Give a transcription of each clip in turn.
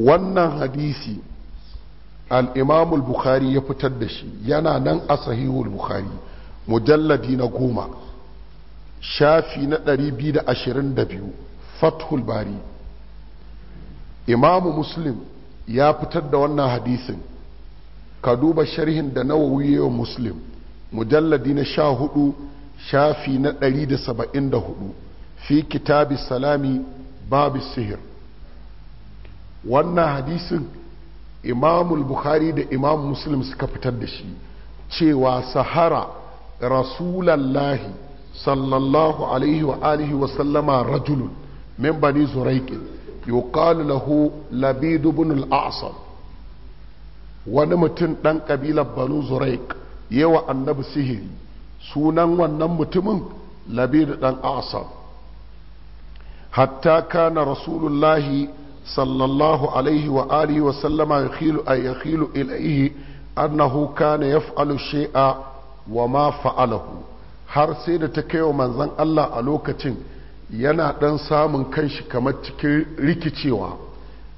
wannan hadisi al'imamul bukhari ya fitar da shi yana nan a sahihul bukhari mujalladi na goma shafi na 222 fathul bari imamu muslim ya fitar da wannan hadisin ka duba sharhin da nawawi wa muslim mujalladi na sha hudu shafi na 174 fi kitabi salami babu sihir wannan hadisin imamul bukhari da imam muslim suka fitar da shi cewa sahara rasulallahi sallallahu alaihi wa alihi wa sallama rajulun min bani zuraikin yuqalu lahu labid wani mutum dan kabilar banu zuraik yawa annabi sihiri sunan wannan mutumin labid dan a'sam hatta kana rasulullahi صلى الله عليه وآله وسلم يخيل يخيل إليه أنه كان يفعل الشيء وما فعله har sai da ta kaiwa manzon Allah a lokacin yana ɗan samun kanshi kamar cikin rikicewa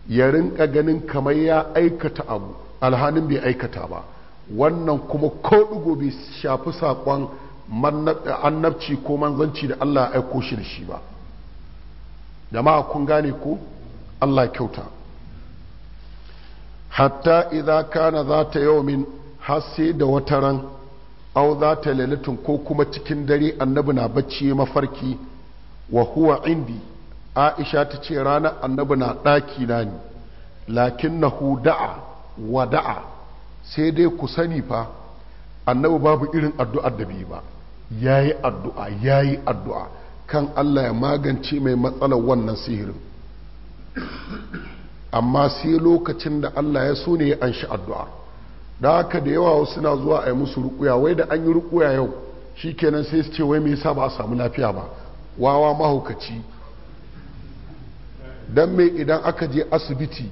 ya rinka ganin kamar ya aikata abu alhanin bai aikata ba wannan kuma ko ɗigo bai shafi saƙon annabci ko manzanci da Allah ya aiko shi da shi ba jama'a kun gane ko Allah kyauta hatta idza kana zata yawmin har sai da wata ran au zata lailatun ko kuma cikin dare annabi na bacci mafarki wa huwa indi aisha ta ce ranar annabi na ɗaki na ni lakinnahu da'a wa da'a sai dai ku sani fa annabi babu irin addu'ar da bi ba yayi addu'a yayi addu'a kan Allah ya magance mai matsalar wannan sihirin amma sai lokacin da Allah ya so ne ya anshi addu'a da haka da yawa wasu na zuwa a yi musu rukuya wai da an yi rukuya yau shi kenan sai su ce wai me yasa ba a samu lafiya ba wawa mahaukaci dan me idan aka je asibiti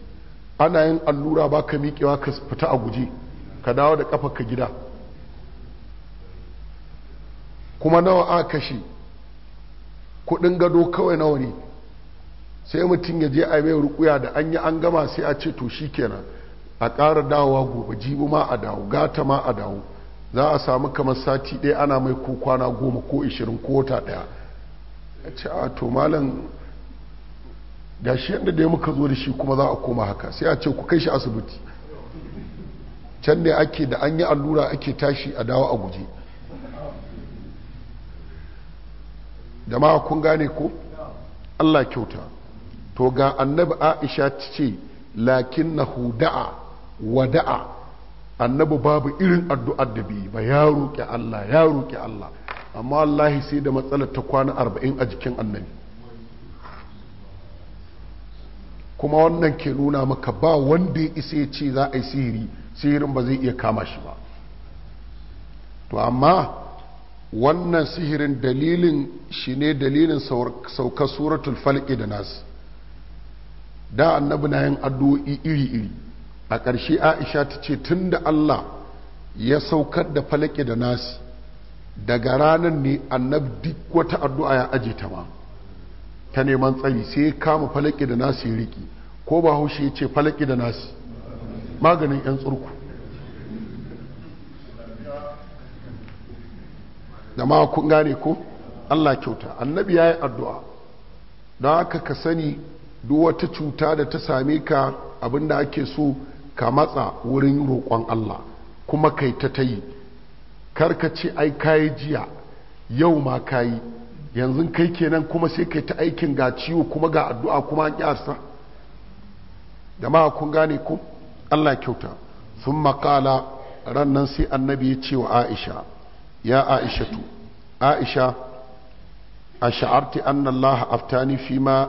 ana yin allura ba ka miƙewa ka fita a guje ka dawo da ƙafa ka gida kuma nawa aka kashe kudin gado kawai nawa ne sai mutum ya je a mai rukuya da an yi an gama sai a ce to shi kenan a ƙara dawowa gobe jibi ma a dawo gata ma a dawo za a samu kamar sati ɗaya ana mai ko kwana goma ko ishirin ko wata ɗaya a ce a to malam ga shi yadda da ya muka zo da shi kuma za a koma haka sai a ce ku kai shi asibiti can ne ake da an yi allura ake tashi a dawo a guje da ma kun gane ko allah kyauta to ga annabi aisha ce lakin na huda'a wada'a annabi babu irin addu'ar da bi ba ya roƙi Allah ya roƙi Allah amma wallahi sai da matsalar ta kwana arba'in a jikin annabi kuma wannan ke nuna maka ba wanda ya isa ya ce za a yi sihiri sihirin ba zai iya kama shi ba to amma wannan sihirin dalilin shi ne dalilin sauka suratul falƙi da nasu da annabi na yin addu'o'i iri-iri a ƙarshe aisha ta ce tun da allah ya saukar da falake da nasi daga ranar ne annabi duk wata addu'a ya aje ta ma ta neman tsayi sai kama falake da nasi riki ko ba haushe ya ce falake da nasi maganin 'yan tsurku da ma kun gane ko allah kyauta annabi ya yi addu'a don haka ka sani duk wata cuta da ta same ka abinda ake so ka matsa wurin roƙon Allah kuma kai ta ta yi ci ai kayi jiya yau ma kayi yanzu kai kenan kuma sai kai ta aikin ga ciwo kuma ga addu'a kuma an kyarsa jama'a kun gane ku Allah kyauta sun makala rannan sai annabi ya ce wa aisha ya tu aisha a sha'arti annallaha aftani fi ma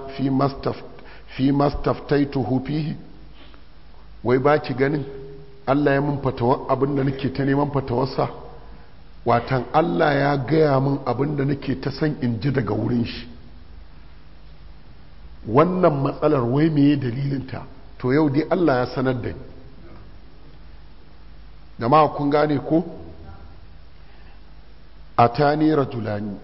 fi mastaftaituhu fihi wai ba ki ganin Allah ya mun fatawar abin da nake ta neman fatawarsa watan Allah ya gaya mun abin da nake ta san in ji daga wurin shi wannan matsalar wai meye dalilinta to yau dai Allah ya sanar da ni da ma kun gane ko a ta nera rajulani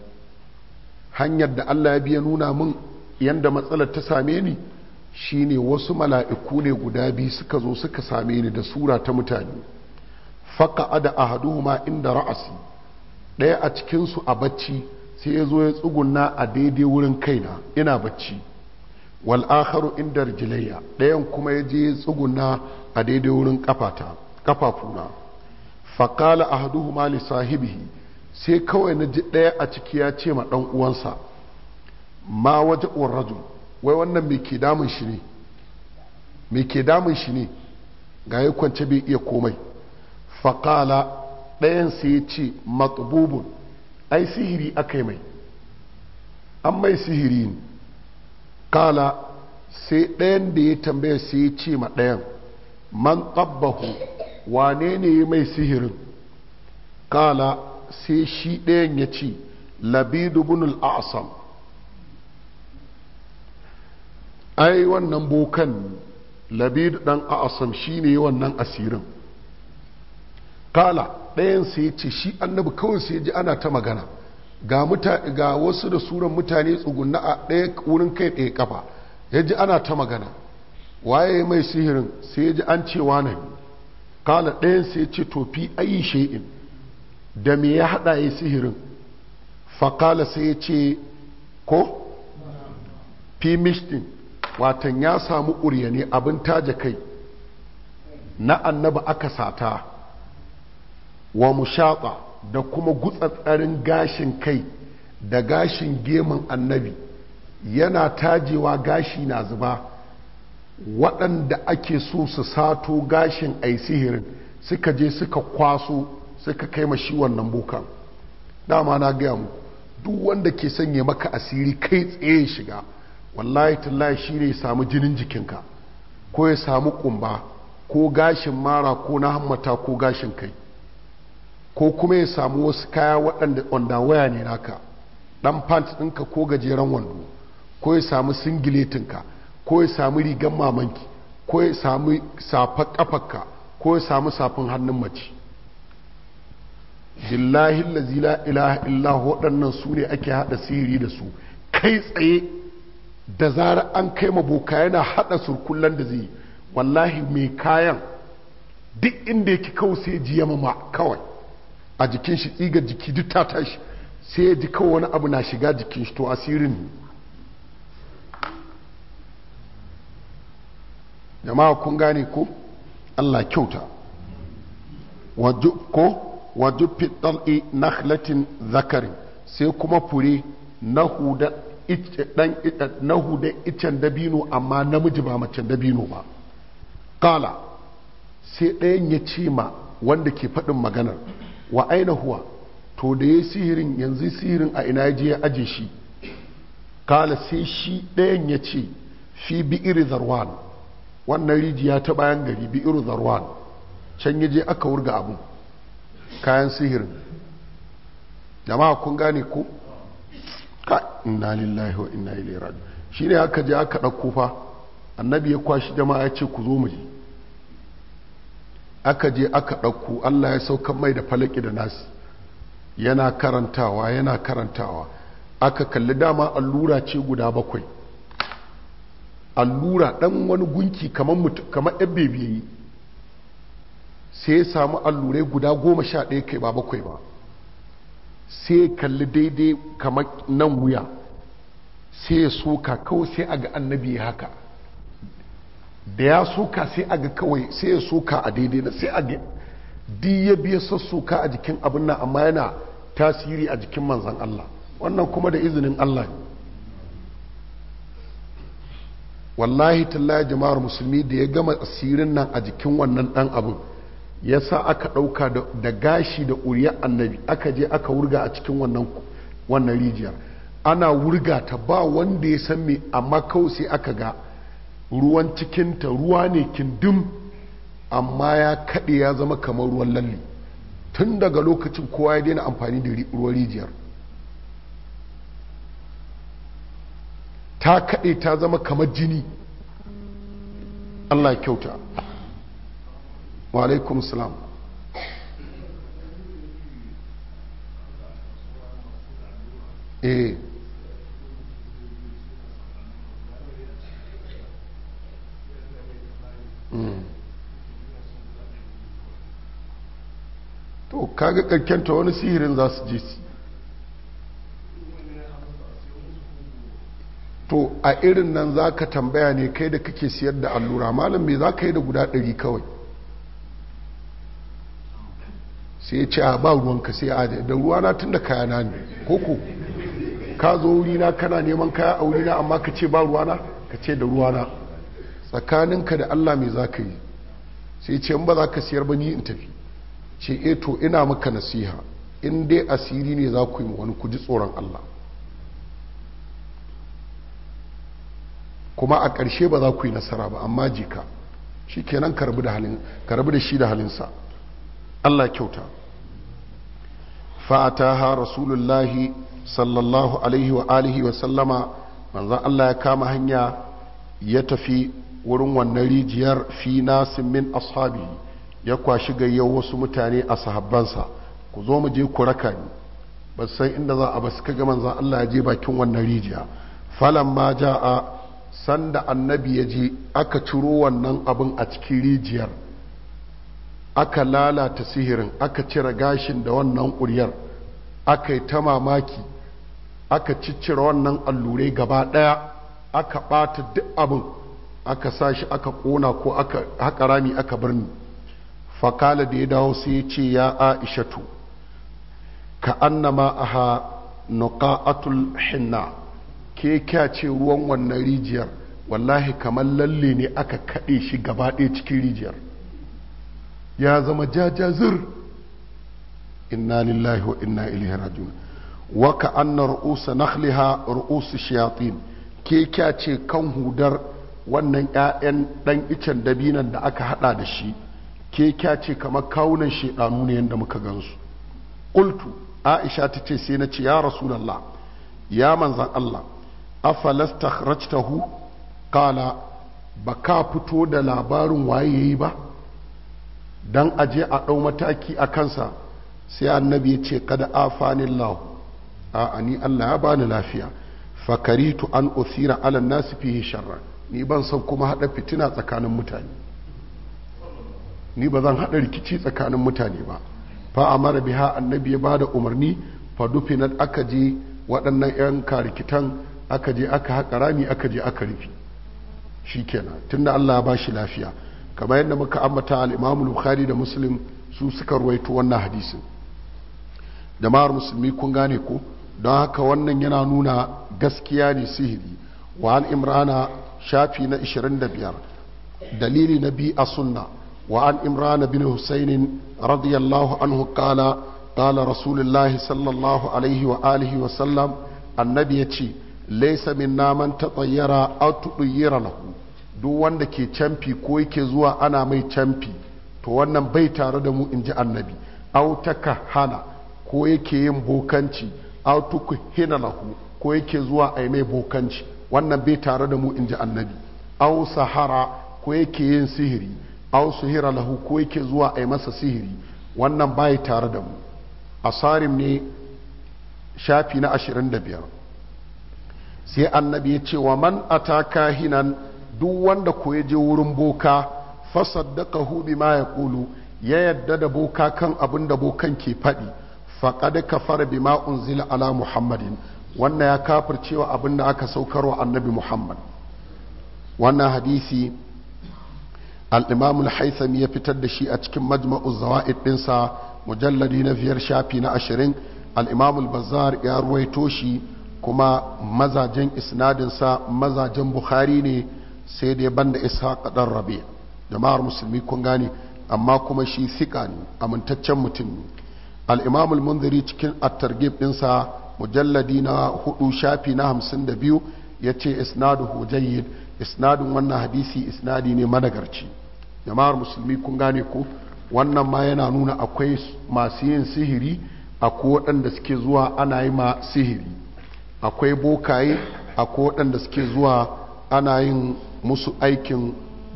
hanyar da Allah ya biya nuna mun yadda matsalar ta same ni shine wasu mala'iku ne guda biyu suka zo suka same ni da sura ta mutane faqa'ada ahaduhuma inda ra'asi ɗaya a cikinsu a bacci sai ya zo ya tsuguna a daidai wurin kaina ina bacci wal akharu inda rijlayya ɗayan kuma ya je ya tsugunna a daidai wurin kafata kafafuna faqala ahaduhuma li sahibihi sai kawai na ji ɗaya a ciki ya ce ma ɗan uwansa ma waje rajul wai wannan mai ke damun shi ne mai ke damun shi ne ga ya kwance bai iya komai faƙala ɗayan ya ce matsububun ai sihiri aka yi mai an mai sihiri ne kala sai ɗayan da ya tambaya sai ya ce ma ɗayan man ƙabbahu wane ne ya mai sihirin kala sai shi ɗayan ya ce labidu bunul asam ai wannan bokan labid dan a shi shine wannan asirin kala ɗayan sai ce shi annabi kawai sai ji ana ta magana ga wasu da suran mutane tsugunna a ɗaya wurin kai ɗaya kafa ya ji ana ta magana waye mai sihirin sai ji an ce wane kala ɗayan sai ce tofi ayi shay'in da me ya haɗa ya sihirin fakala sai ya ce ko fi mishtin watan ya samu ƙurya ne abin taje kai na annaba aka sata wa mushaƙa da kuma gutsatsarin gashin kai da gashin gemun annabi yana tajewa gashi na zuba waɗanda ake so su sato gashin ai sihirin suka je suka kwaso suka kai shi wannan bukan dama na gaya mu duk wanda ke sanya maka asiri kai tsaye shiga wallahi tallahi shi ne samu jinin jikinka ko ya samu kumba ko gashin mara ko na hammata ko gashin kai ko kuma ya samu wasu kaya waɗanda wanda waya ne naka ɗan pant ɗinka ko gajeren wando ko ya samu singiletinka ko ya samu rigan mamanki ko ya samu safa ƙafarka ko ya samu safin hannun mace billahi lazila ilaha illahu waɗannan su ne ake haɗa sihiri da su kai tsaye da zarar an kai maboka yana hada surkullan da zai wallahi mai kayan duk inda yake kawo sai ji ma kawai a jikin shi tsiga jiki duk ta tashi sai ya ji kawai wani abu na shiga jikin shi to asirin jama'a kun gane ko Allah kyauta ko wajuffi na nakhlatin zakarin sai kuma fure na hudar. dan nahu da iccen dabino amma namiji ba macen dabino ba kala sai ɗayan ya ce ma wanda ke faɗin maganar wa aina huwa to da ya sihirin yanzu sihirin a ina ya je ya aje shi kala sai shi ɗayan ya ce fi bi'iri zarwan wannan rijiya ta bayan gari bi'iri zarwan can ya je aka wurga abu kayan sihirin jama'a kun gane ko haka inna lillahi wa inna ilaihi shi shine aka je aka ɗauko fa annabi ya kwashi jama'a ya ce ku zo mu je aka je aka ɗauko Allah ya saukan mai da falaki da nasi yana karantawa yana karantawa aka kalli dama allura ce guda bakwai allura ɗan wani gunki kamar mutum kamar yan bebiyayi sai ya samu allurai guda goma sha ɗaya kai ba bakwai ba sai ya kalli daidai kamar nan wuya sai ya suka kawai sai a annabi haka da ya suka sai a ga kawai sai ya suka a daidai na sai a di ya biya sassuka a jikin abin nan amma yana tasiri a jikin manzan Allah wannan kuma da izinin Allah ne wallahi tallaya jama'ar musulmi da ya gama asirin nan a jikin wannan dan abin ya sa aka ɗauka da gashi da ƙuriyar annabi aka je aka wurga a cikin wannan rijiyar ana wurga ta ba wanda ya san me amma kawai sai aka ga ruwan cikinta ruwa ne kindim amma ya kaɗe ya zama kamar ruwan lalle tun daga lokacin kowa ya daina amfani da ruwan rijiyar ta kaɗe ta zama kamar jini allah kyauta وعليكم السلام salam to kaga karkenta wani sihirin za su ji to a irin nan za ka tambaya ne kai da kake siyar da allura malam me za ka yi da guda ɗari kawai sai ya ce a ba ruwanka sai a da ruwana tun da kayana ne koko ka zo wurina kana neman kaya a wurina amma ka ce ba ruwana ka ce da ruwana tsakaninka da allah mai za ka yi sai ce in ba za ka siyar ba ni in tafi ce e to ina maka nasiha in dai asiri ne za ku yi wani ku tsoron allah kuma a ƙarshe ba za ku yi nasara ba amma jika shi kenan ka rabu da shi da halinsa Allah kyauta fa'ataha rasulullahi sallallahu alaihi wa alihi wa sallama manzan Allah ya kama hanya ya tafi wurin wannan rijiyar fi nasin min ashabi ya kwashi gayyar wasu mutane a sahabbansa ku zo mu je ku raka ni ba san inda za a ba suka ga manzan Allah ya je bakin wannan rijiya falan ma ja'a sanda annabi ya je aka ciro wannan abin a cikin rijiyar aka lalata sihirin aka cire gashin da wannan ƙuryar aka yi ta mamaki aka ciccire wannan allurai gaba ɗaya aka ɓata duk abin aka sa shi aka ƙona ko aka haƙa rami aka birni fakala da ya dawo sai ya ce ya aishatu ka annama aha nuqa'atul hinna ke ce ruwan wannan rijiyar wallahi kamar lalle ne aka kaɗe shi gaba ɗaya cikin rijiyar ya zama jajazir inna lillahi wa inna ilaihi rajiun wa ka anna ru'usa nakhliha ru'usu shayatin ke kya ce kan hudar wannan ƴaƴan dan icen dabinan da aka hada da shi ke kya ce kamar kawunan shedanu ne yanda muka gansu qultu aisha ta ce sai na ce ya rasulullah ya manzan Allah afalastakhrajtahu qala baka fito da labarin waye yayi ba don je a ɗau mataki a kansa sai annabi ya ce kada a fanin lau a ni allah ya bani lafiya fakaritu an uthira ala nasu fi sharra ni ban san kuma haɗa fitina tsakanin mutane ni ba zan haɗa rikici tsakanin mutane ba fa mara biha annabi ya ba da umarni fa dufinat aka je waɗannan yan karikitan aka je aka haƙa rami aka je aka rufi shikenan tunda Allah ya ba shi lafiya kamar yadda muka amata al'imamu imam Bukhari da Muslim su suka ruwaito wannan hadisin jama'ar musulmi kun gane ku. don haka wannan yana nuna gaskiya ne sihiri wa imrana shafi na 25 dalili na bi a sunna wa imrana bin husainin radiyallahu anhu kala ƙala rasulullahi sallallahu alaihi wa alihi wa sallam annabi ya ce laisa min naman ta tsayyara a tuɗuyira lahu duk wanda ke camfi ko yake zuwa ana mai camfi to wannan bai tare da mu in ji annabi au taka hana ko yake yin bokanci au hina lahu ko yake zuwa a mai bokanci wannan bai tare da mu in ji annabi au sahara ko yake yin sihiri au suhira lahu ko yake zuwa a masa sihiri wannan bai tare da mu asarim ne shafi na 25 sai annabi ya ce wa man ataka hinan duk wanda ko ya je wurin boka fasaddaqahu bima yaqulu ya yadda da boka kan abin da bokan ke faɗi faqad kafara bima unzila ala muhammadin wannan ya kafircewa abin da aka saukarwa annabi muhammad wannan hadisi al-imam al ya fitar da shi a cikin majma'u zawaid dinsa mujalladi na biyar shafi na ashirin al-imam al-bazzar ya ruwaito shi kuma mazajen isnadinsa mazajen bukhari ne sai dai banda ishaq dan rabi jama'ar musulmi kun gane amma kuma shi sika ne amintaccen mutum ne al imamu al-munziri cikin at-targhib dinsa mujalladi na hudu shafi na 52 yace isnaduhu jayyid isnadun wannan hadisi isnadi ne managarci jama'ar musulmi kun gane ko wannan ma yana nuna akwai masu yin sihiri akwai waɗanda suke zuwa ana yi ma sihiri akwai bokaye akwai waɗanda suke zuwa ana yin musu aikin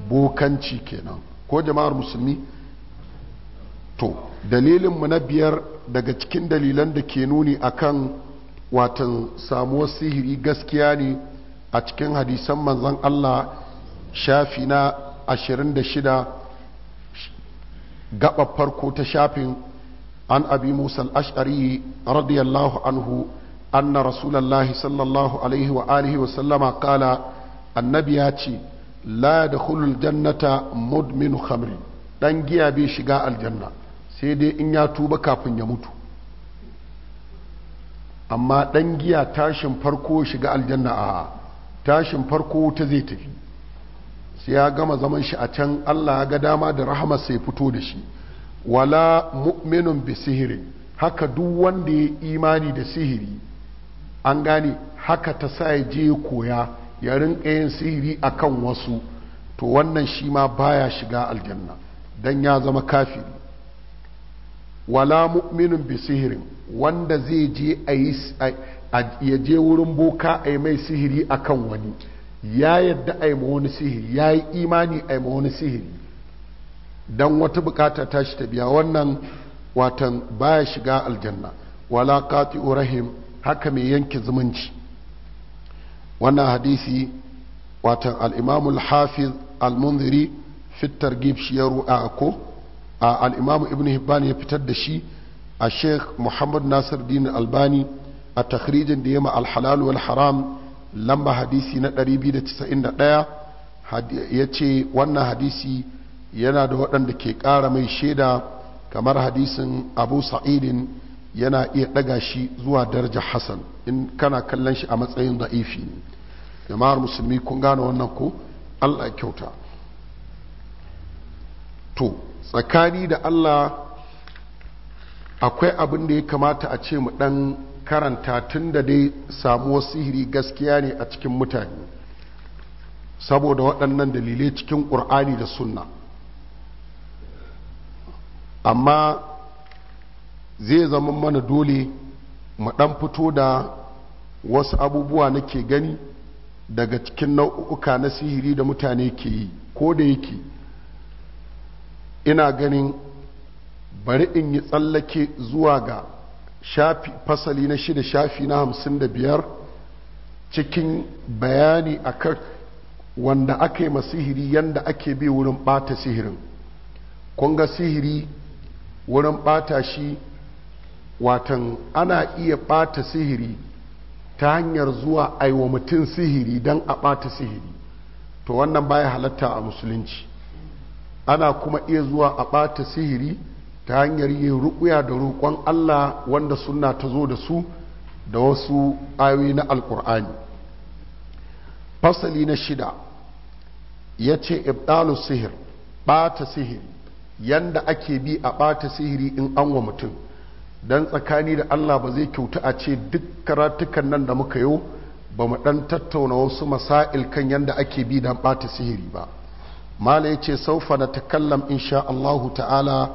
bokanci kenan ko jama'ar musulmi to dalilinmu na biyar daga cikin dalilan da ke nuni a kan watan samuwar sihiri gaskiya ne a cikin hadisan manzan Allah shafi na 26 gabar farko ta shafin an abi musa al'ashari radiyallahu anhu anna rasulallah sallallahu alaihi wa alihi wa sallama kala annabi ya ce la da hulul jannata mudminu khamri dan giya bai shiga aljanna sai dai in ya tuba kafin ya mutu amma dan giya tashin farko shiga aljanna a tashin farko ta zai tafi sai ya gama zaman shi a can Allah ya ga dama da rahama sai fito da shi wala mu'minun bi sihirin haka duk wanda ya imani da sihiri an gane haka ta sa ya je koya ya rinka yin sihiri akan wasu to wannan shi ma baya shiga aljanna don ya zama kafiri wala muminin bi sihirin wanda zai je ya je wurin boka a yi mai sihiri akan wani ya yadda a yi wani sihiri ya yi imani a yi wani sihiri don wata bukata ta shi ta biya wannan watan baya shiga aljanna wala kati rahim haka mai yanke zumunci wannan hadisi watan al'imamu al-hafiz al-munziri fitar gibshi ya ru'a ko al'imamu ibn hibban ya fitar da shi a sheikh muhammad nasir din albani a takhrijin da yama al-halal wal haram lamba hadisi na 291 ya ce wannan hadisi yana da waɗanda ke ƙara mai shaida kamar hadisin abu sa'idin yana iya daga shi zuwa daraja hasan in kana kallon shi a matsayin da'ifi ne jama'ar musulmi kun gane wannan ko allah kyauta to tsakani da allah akwai abin da ya kamata a ce mu dan karanta tun da dai samuwar sihiri gaskiya ne a cikin mutane saboda waɗannan dalilai cikin ƙur'ani da sunna amma zai zama mana dole mu ɗan fito da wasu abubuwa nake gani daga cikin nau'uka na sihiri da mutane ke yi ko da yake ina ganin bari in yi tsallake zuwa ga shafi fasali na shida shafi na hamsin da biyar cikin bayani a kan wanda aka yi masihiri yanda ake bi wurin bata sihirin kun ga sihiri wurin ɓata shi watan ana iya ɓata sihiri ta hanyar zuwa aiwa mutum sihiri don a ɓata sihiri to wannan baya halatta a musulunci ana kuma iya zuwa a ɓata sihiri ta hanyar yin ruƙuya da roƙon allah wanda suna ta zo da su da wasu ayoyi na Alƙur'ani. fasali na shida ya ce ibdalu sihir ɓata sihiri yanda ake bi a ɓata sihiri in an wa mutum don tsakani da Allah ba zai kyauta a ce duk karatukan nan da muka yi ba mu dan tattauna wasu masail kan yanda ake bi don bata sihiri ba mala ya ce saufa na takallam insha Allah ta'ala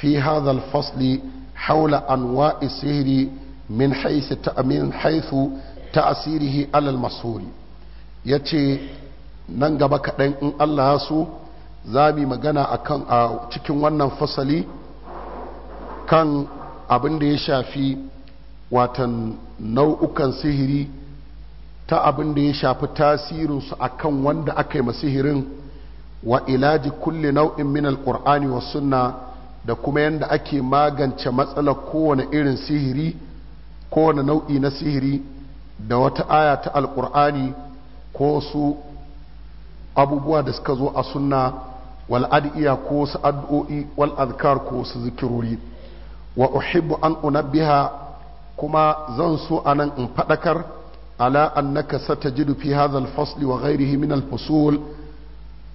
fi hadhal fasli haula anwa'i sihiri min haisu ta'amin haisu ta'asirihi alal masuri ya ce nan gaba kaɗan in Allah ya so za mu magana a cikin wannan fasali kan abin da ya shafi watan nau'ukan sihiri ta abin da ya shafi tasirinsu a kan wanda aka yi sihirin wa ilaji kulle nau'in min alqur'ani wa sunna da kuma yadda ake magance matsalar kowane irin sihiri kowane nau'i na sihiri da wata aya ta alkur'ani ko su abubuwa da suka zo a sunna wal adiya ko su addu'o'i wal azkar ko su zikirori wa uhibbu an unabbiha kuma zan so anan in fadakar ala annaka satajidu fi hadha al-fasli wa ghayrihi min al-fusul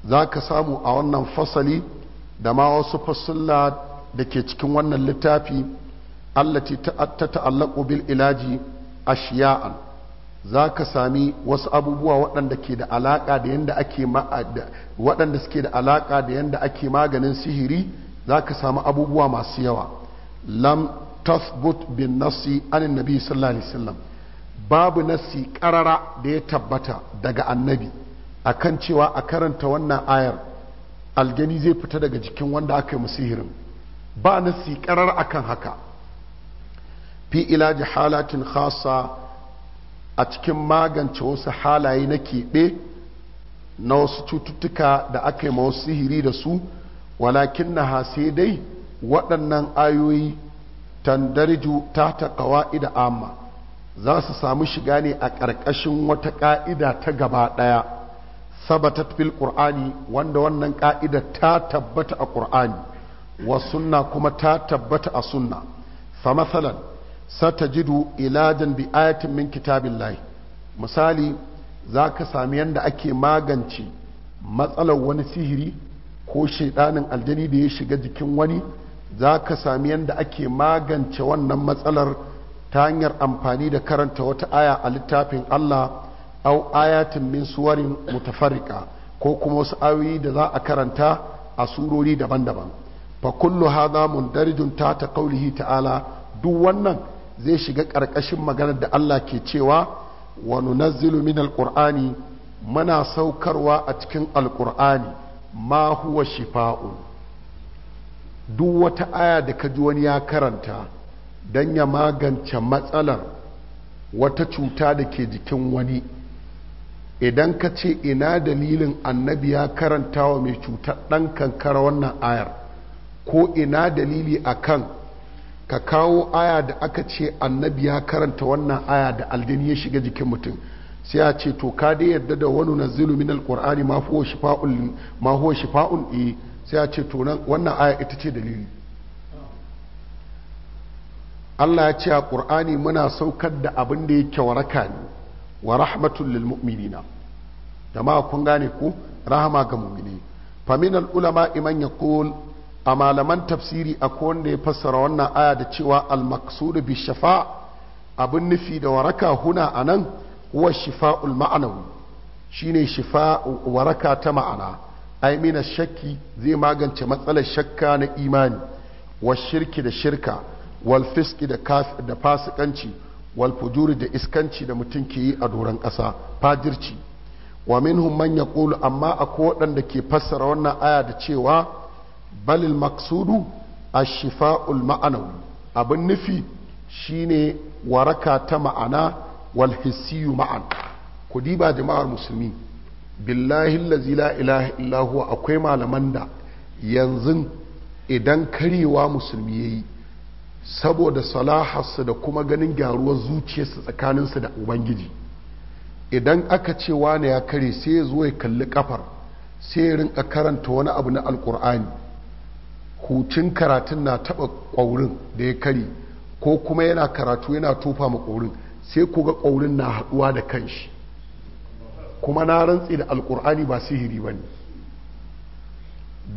zaka samu a wannan fasali da ma wasu fasulla da ke cikin wannan littafi allati ta ta'allaqu bil ilaji ashiya'an zaka sami wasu abubuwa waɗanda ke da alaka da yanda ake waɗanda suke da alaka da yanda ake maganin sihiri zaka samu abubuwa masu yawa lam tasbut bin nasi an nabi sallallahu alaihi wasallam babu nasi karara da ya tabbata daga annabi akan cewa a karanta wannan ayar aljani zai fita daga jikin wanda aka yi musihirin ba nasi karar akan haka fi ilaji halatin khasa a cikin magance wasu halaye na keɓe na wasu cututtuka da aka yi ma wasu sihiri da su walakin na sai dai waɗannan ayoyi tandarju ta ta kawa'ida amma za su samu shiga ne a ƙarƙashin wata ƙa'ida ta gaba ɗaya sabatat fil ƙur'ani wanda wannan ƙa'ida ta tabbata a ƙur'ani wa sunna kuma ta tabbata a sunna fa masalan satajidu ilajan bi ayatin min kitabin layi. misali za ka sami yadda ake magance matsalar wani sihiri ko shaidanin aljani da ya shiga jikin wani za ka sami yadda ake magance wannan matsalar ta hanyar amfani da karanta wata aya a littafin Allah au ayatin min suwarin mutafarika ko kuma wasu ayoyi da za a karanta a surori daban-daban fa kullu hadha mundarijun ta ta qaulihi ta'ala duk wannan zai shiga ƙarƙashin maganar da Allah ke cewa wa nunazzilu min alqur'ani muna saukarwa a cikin alqur'ani ma huwa shifa'un duk wata aya da ka ji wani ya karanta don ya magance matsalar wata cuta da ke jikin wani idan ka ce ina dalilin annabi ya karanta wa mai cutar ɗan kankara wannan ayar ko ina dalili a kan ka kawo aya da aka ce annabi ya karanta wannan aya da aljini ya shiga jikin mutum sai a ce to ka dai yadda da wani nazilu min alkur'ani ma huwa shifa'un eh, sai ya ce tunan wannan aya ita ce dalili Allah ya ce a ƙur'ani muna saukar da abin da yake waraka ne wa rahmatun lilmuminina Da jama'a kun gane ku, rahama ga mummini fa ulama iman ya kul a malaman tafsiri a wanda ya fassara wannan aya da cewa al bi shafa abin nufi da waraka huna a nan, wa shifa'ul ma'anawi shine shifa waraka ta ma'ana ai mina shakki zai magance matsalar shakka na imani wa shirki da shirka wal fiski da da fasikanci wal fujuri da iskanci da mutum ke yi a doron ƙasa fajirci wa minhum man yaqulu amma akwai waɗanda ke fassara wannan aya da cewa balil maqsudu ash-shifa'ul ma'anawi abin nufi shine waraka ta ma'ana wal hissiyu ma'an ku diba jama'ar musulmi billahi lazi la ilaha illahu akwai malaman da yanzu idan karewa musulmi ya yi saboda salaharsu da kuma ganin gyaruwar zuciyarsu tsakaninsu da ubangiji idan aka ce wane ya kare sai ya zo ya kalli kafar sai ya rinka karanta wani abu na alkur'ani hucin karatun na taba ƙwaurin da ya kare ko kuma yana karatu yana tofa ma ƙwaurin sai ku ga ƙwaurin na haɗuwa da kanshi kuma na rantse da alkur'ani ba sihiri ba ne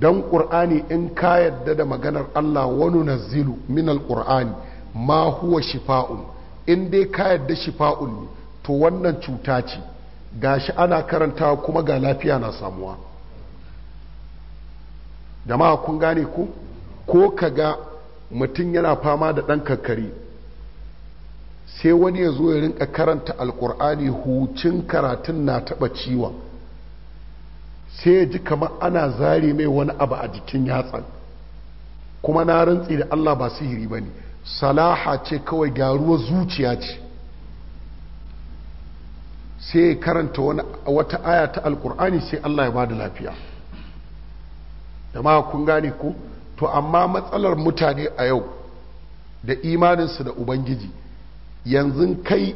don ƙur'ani in ka yadda da maganar allah wani nazilu min alkur'ani ma huwa shifa'un in dai ka yadda shifa'un ne to wannan cuta ce gashi ana karanta kuma ga lafiya na samuwa jama'a kun gane ku ko ka ga mutum yana fama da ɗan kakkari sai wani ya zo ya rinka karanta alkur'ani hucin karatun na taba ciwon sai ya ji kamar ana zare mai wani abu a jikin yatsan kuma na rantsi da allah ba sihiri ba ne salaha ce kawai gyaruwar zuciya ce sai ya karanta wata aya ta alkur'ani sai allah ya ba da lafiya jama'a kun gane ko to amma matsalar mutane a yau da imaninsu da ubangiji yanzu kai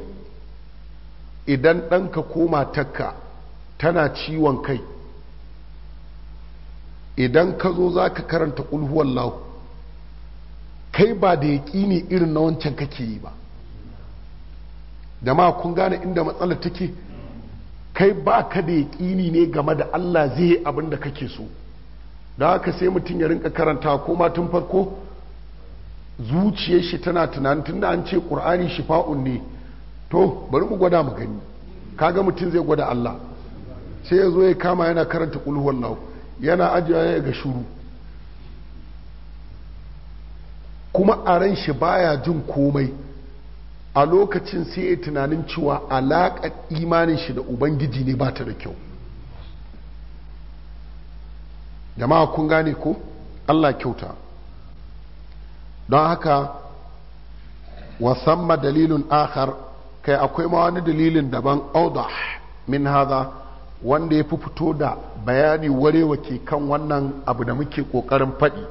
idan ɗanka ko matarka tana ciwon kai idan ka zo za ka karanta ƙulhuwallahu kai ba da yaƙini irin na wancan kake yi ba da ma kun gane inda matsala take kai ba ka da yaƙini ne game da Allah zai abin da kake so da haka sai mutum ya rinka karanta ko tun farko zuciyar shi tana tunanin tunda an ce ƙur'ani shifa'un ne to bari mu gwada mu gani kaga mutum zai gwada Allah sai ya zo ya kama yana karanta ƙulhuwar lau yana ajiya ya ga shuru kuma a ran shi baya jin komai a lokacin sai ya tunanin cewa alaƙar imanin shi da ubangiji ne ba ta da kyau jama'a kun gane ko allah kyauta don haka wasamma dalilin akhar kai akwai ma wani dalilin daban auda min haza wanda ya fi fito da bayani warewa ke kan wannan abu da muke ƙoƙarin faɗi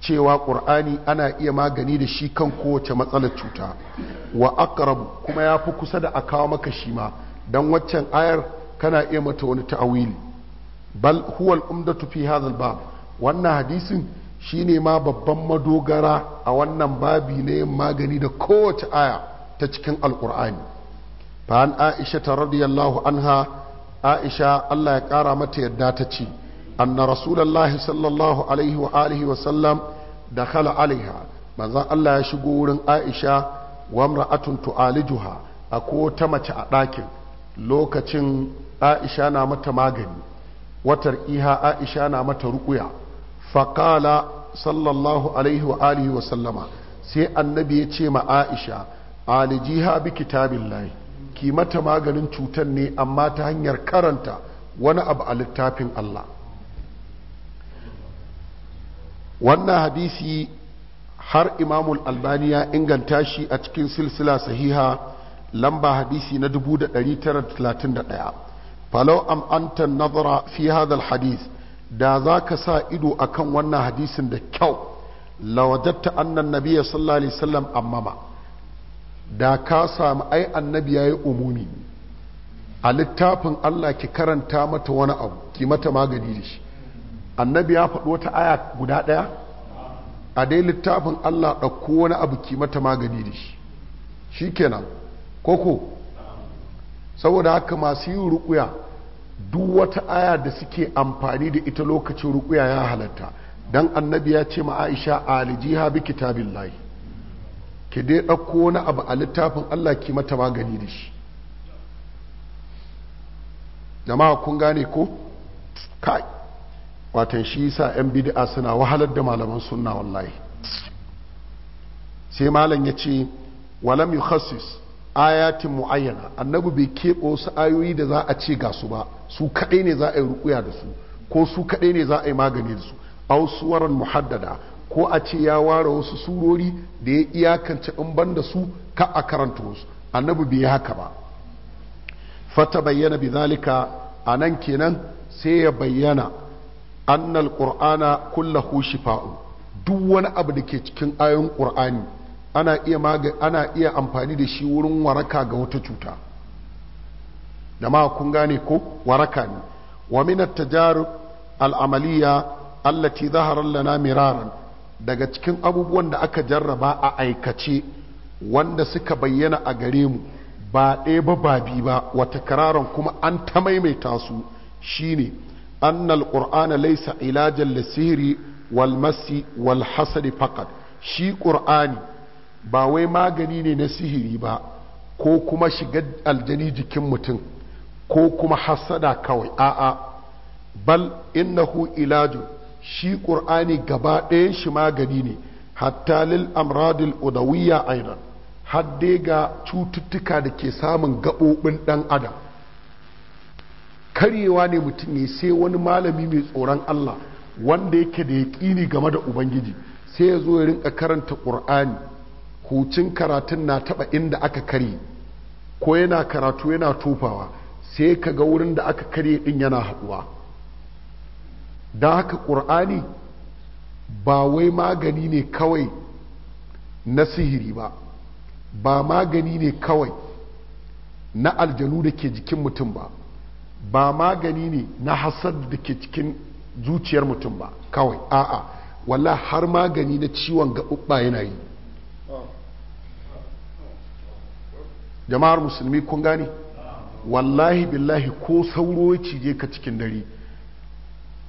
cewa ƙur'ani ana iya magani da shi kan kowace matsalar cuta wa aqrabu kuma ya fi kusa da a kawo maka shi ma don waccan ayar kana iya mata wani ta'awili bal huwal umdatu fi hadha bab wannan hadisin Shi ne ma babban madogara a wannan babi na yin magani da kowace aya ta cikin alkur'ani fa'an aisha ta radiyallahu anha aisha allah ya ƙara mata yadda ta ce anna Rasulallah sallallahu alaihi wa alihi wa sallam da khala alaiha manzan allah ya shigo wurin aisha wa mra'atun tu'alijuha a ko ta mace a ɗakin lokacin aisha na mata magani watar iha aisha na mata ruƙuya faƙala sallallahu alaihi wa alihi wa sallama sai annabi ya ce ma aisha alijiha bi kitabillahi ki mata maganin cutar ne amma ta hanyar karanta wani abu a littafin Allah wannan hadisi har imamul albani ya inganta shi a cikin silsila sahiha lamba hadisi na 1931 falau am anta nazara fi hadha hadis da za ka sa ido a kan wannan hadisin da kyau lawadatta annan nabiya sallallahu alaihi wasallam amma da ka samu ai annabi ya yi umumi a littafin Allah ki karanta mata wani abu ki mata magani da shi annabi ya faɗo ta aya guda ɗaya a dai littafin Allah ɗauko wani abu ki mata magani da shi shikenan koko saboda haka masu yin ruƙuya duk wata aya da suke amfani da ita lokacin rukuya ya halatta dan annabi ya ce ma aisha alijiha bi kitabillahi ki dai ɗauko wani abu a littafin allah ki mata magani da shi jama'a kun gane ko kai watan shi sa yan bid'a suna wahalar da malaman sunna wallahi sai malam ya ce walam yukhassis ayatin mu'ayyana annabi bai keɓe wasu ayoyi da za a ce ga su ba su kaɗai ne za a yi rukuya da su ko su kaɗai ne za a yi magani da su au suwaran muhaddada ko a ce ya ware wasu surori da ya iyakance in ban da su ka a karanta wasu annabi bai haka ba fata bayyana bi zalika a nan kenan sai ya bayyana annal qur'ana kullahu shifa'u duk wani abu da ke cikin ayoyin qur'ani ana iya ana iya amfani da shi wurin waraka ga wata cuta Da ma kun gane ko waraka ne wa min at-tajarib al-amaliyya allati zahara lana miraran daga cikin abubuwan da aka jarraba a aikace wanda suka bayyana a gare mu ba ɗaya ba ba ba wata kararan kuma an ta maimaita su shine annal qur'ana laysa ilajan lisihri wal masi wal hasadi faqat shi qur'ani ba wai magani ne na sihiri ba ko kuma shiga aljani jikin mutum ko kuma hasada kawai a'a bal innahu ilaju shi ƙur'ani gaba ɗayan shi magani ne hatta lil amradil udawiyya aidan hadde ga cututtuka da ke samun gaɓoɓin ɗan adam karyewa ne mutum ne sai wani malami mai tsoron Allah wanda yake da yaƙini game da ubangiji sai ya zo ya rinka karanta ƙur'ani hucin karatun na taba inda aka kare ko yana karatu yana tofawa sai ka ga wurin da aka kare din yana haɗuwa da haka ƙur'ani ba wai magani ne kawai na sihiri ba ba magani ne kawai na aljanu da ke jikin mutum ba ba magani ne na hasad da ke cikin zuciyar mutum ba kawai a'a wallah har magani na ciwon gaɓuɓɓa yana yi jama'ar musulmi kun gane wallahi billahi ko sauro cije ka cikin dare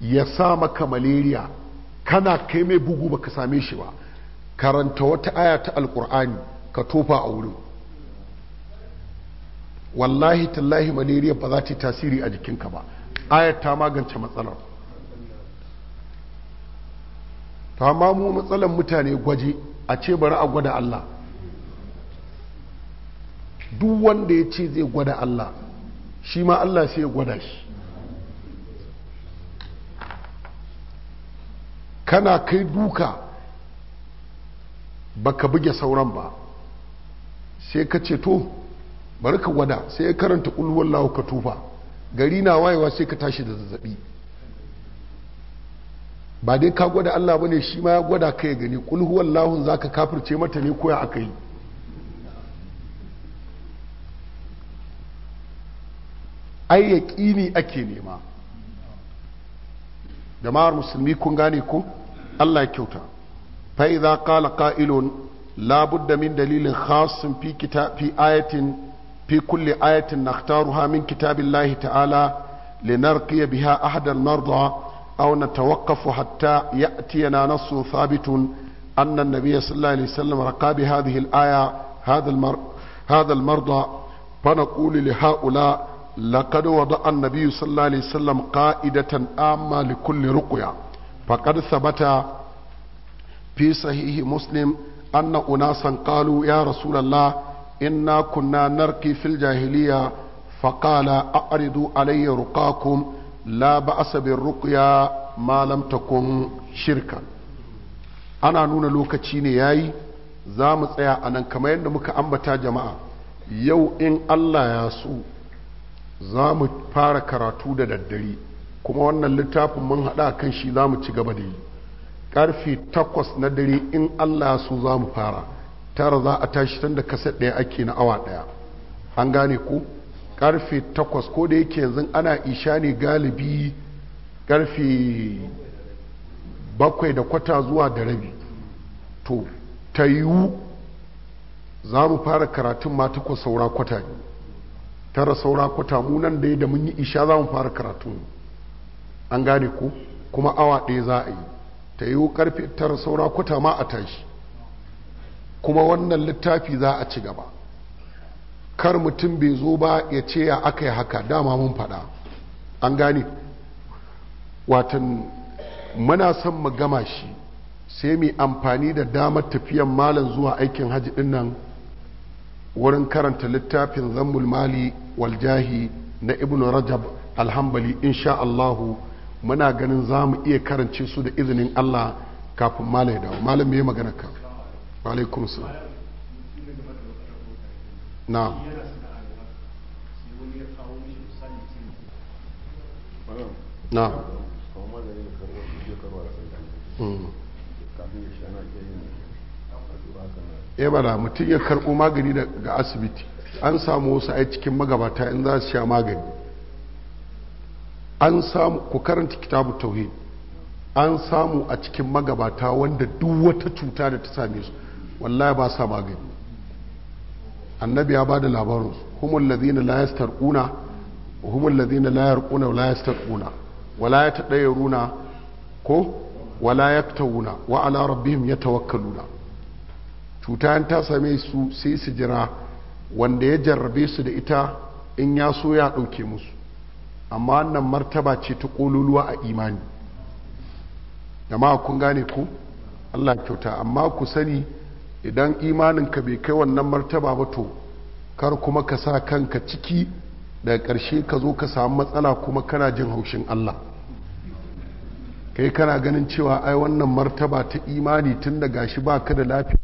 ya sa maka malaria kana kai mai bugu baka same shi ba karanta wata aya ta alkur'ani ka tofa a wurin wallahi tallahi malaria ba za ta tasiri a jikinka ba ayar ta magance matsalar ta mamu matsalar mutane gwaje a ce bari a gwada Allah duk wanda ya ce zai gwada Allah shi ma Allah sai ya gwada shi kana kai duka baka buge sauran ba sai ka ce to bari ka gwada sai ya karanta ulwar lawuka tufa gari na wayewa sai ka tashi da zazzabi ba dai ka gwada Allah bane shi ma ya gwada ka ya gani ƙulwar lahun za ka kafirce mata ne koya aka yi ai yaqini ake nema jama'ar musulmi kun gane ko Allah ya kyauta fa idza qala qa'ilun la budda min dalilin khassin fi kitab fi ayatin fi kulli ayatin nakhtaruha min kitabillahi ta'ala linarqiya biha ahada al-marda aw natawaqqafu hatta ya'tiyana nassun thabitun أن النبي صلى الله عليه وسلم رقى بهذه الآية هذا المرضى فنقول لهؤلاء لقد وضع النبي صلى الله عليه وسلم قائدة عامة لكل رقية فقد ثبت في صحيح مسلم أن أناسا قالوا يا رسول الله إنا كنا نرقي في الجاهلية فقال أعرضوا علي رقاكم لا بأس بالرقية ما لم تكن شركا أنا نون لوكتشي ne yayi za mu tsaya anan kamar yadda muka ambata jama'a yau in Allah ya so za mu fara karatu da daddare kuma wannan littafin mun haɗa kan shi za mu ci gaba da yi ƙarfe takwas na dare in allah su za mu fara tara za a tashi tun da kaset ɗaya ake na awa ɗaya an gane ku ƙarfe takwas ko da yake yanzu ana isha ne galibi ƙarfe bakwai da kwata zuwa da rabi to ta yiwu za mu fara karatun ma takwas saura kwata ne tara saura kwata munan nan da da mun yi isha za mu fara karatu an gane ku kuma awa ɗaya za a yi ta yiwu karfe tara saura kwata ma a tashi kuma wannan littafi za a ci gaba kar mutum bai zo ba ya ce ya aka yi haka dama mun faɗa an gane watan muna son mu gama shi sai mai amfani da damar tafiyan malam zuwa aikin hajji ɗin nan wurin karanta littafin zammul mali waljahi na ibn rajab alhambali insha Allah muna ganin za mu iya karance su da izinin Allah kafin malai dawo malam me magana ka alaikum salam Na. ya eh, bada mutum ya karɓo magani daga asibiti an samu wasu ai cikin magabata in za su sha magani an samu ku karanta kitabu tauhid an samu a cikin magabata wanda duk wata cuta da ta same su wallahi ba sa magani annabi ya ba da labarin humul ladina la yastarquna humul ladina la yarquna wa la yastarquna wala ya tadayruna ko wala yaktawuna wa ala rabbihim yatawakkaluna cuta ta same su sai su jira wanda ya jarrabe su da ita in ya so ya ɗauke musu amma wannan martaba ce ta ƙololuwa a imani ma kun gane ku allah kyauta amma ku sani idan imaninka bai kai wannan martaba ba to kar kuma ka sa kanka ciki daga ƙarshe ka zo ka samu matsala kuma kana jin haushin allah kai kana ganin cewa ai wannan martaba ta imani tun da gashi ba ka da lafiya